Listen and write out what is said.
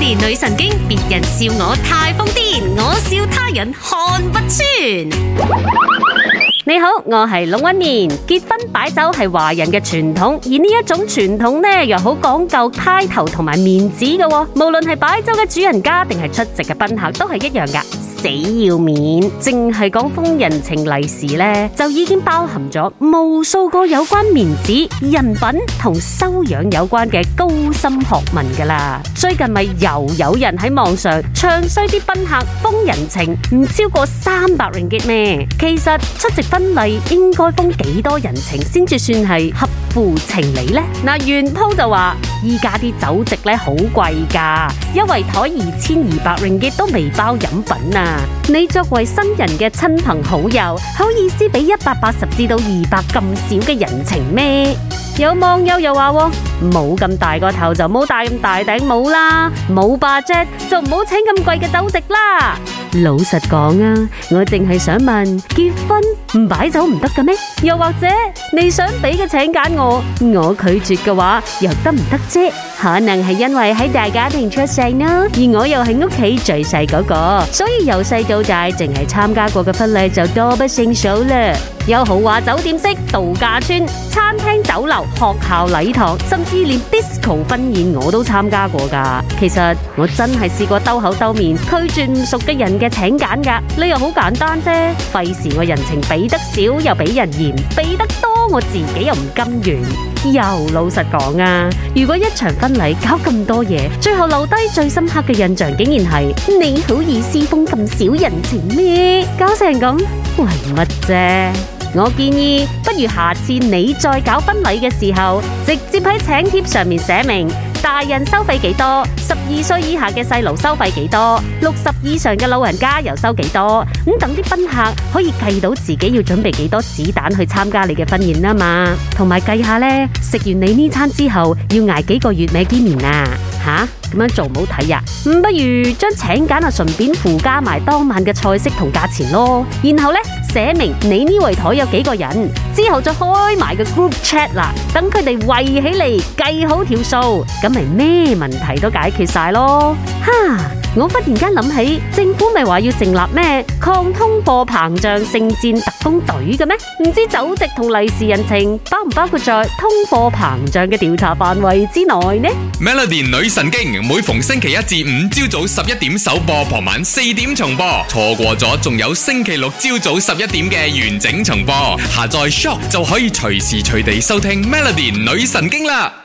年女神經，別人笑我太瘋癲，我笑他人看不穿。你好，我係龍紋敏。結婚擺酒係華人嘅傳統，而呢一種傳統呢又好講究派頭同埋面子嘅喎。無論係擺酒嘅主人家，定係出席嘅賓客，都係一樣噶。死要面，淨係講封人情利是呢，就已經包含咗無數個有關面子、人品同修養有關嘅高深學問㗎喇。最近咪又有人喺網上唱衰啲賓客封人情唔超過三百零結咩？其實出席婚禮應該封幾多人情先至算係合情理呢？嗱，原 PO 就話依家啲酒席咧好貴噶，一圍台二千二百，連結都未包飲品啊！你作為新人嘅親朋好友，好意思俾一百八十至到二百咁少嘅人情咩？有網友又話：冇、哦、咁大個頭就冇戴咁大頂帽啦，冇 budget 就唔好請咁貴嘅酒席啦。老實講啊，我淨係想問，結婚唔擺酒唔得嘅咩？又或者你想俾個請柬我，我拒絕嘅話又得唔得啫？可能係因為喺大家庭出世啦，而我又係屋企最細嗰個，所以由細到大淨係參加過嘅婚禮就多不勝數啦。有豪華酒店式度假村、餐廳酒樓、學校禮堂，甚至連 disco 婚宴我都參加過㗎。其實我真係試過兜口兜面拒絕唔熟嘅人嘅請柬㗎。理由好簡單啫，費事我人情俾得少又俾人嫌，俾得多我自己又唔甘願。又老實講啊，如果一場婚禮搞咁多嘢，最後留低最深刻嘅印象，竟然係你好意思封咁少人情咩？搞成咁為乜啫？我建議，不如下次你再搞婚禮嘅時候，直接喺請帖上面寫明大人收費幾多，十二歲以下嘅細路收費幾多，六十以上嘅老人家又收幾多。咁等啲賓客可以計到自己要準備幾多子彈去參加你嘅婚宴啊嘛，同埋計下咧，食完你呢餐之後要挨幾個月未見面啊！吓，咁、啊、樣做唔好睇呀、啊，唔、嗯、不如將請柬啊順便附加埋當晚嘅菜式同價錢咯，然後呢，寫明你呢圍台有幾個人，之後再開埋個 group chat 啦，等佢哋圍起嚟計好條數，咁咪咩問題都解決晒咯，哈、啊。我忽然間諗起，政府咪話要成立咩抗通貨膨脹聖戰特工隊嘅咩？唔知酒席同利是人情包唔包括在通貨膨脹嘅調查範圍之內呢？Melody 女神經每逢星期一至五朝早十一點首播，傍晚四點重播，錯過咗仲有星期六朝早十一點嘅完整重播。下載 Shock 就可以隨時隨地收聽 Melody 女神經啦。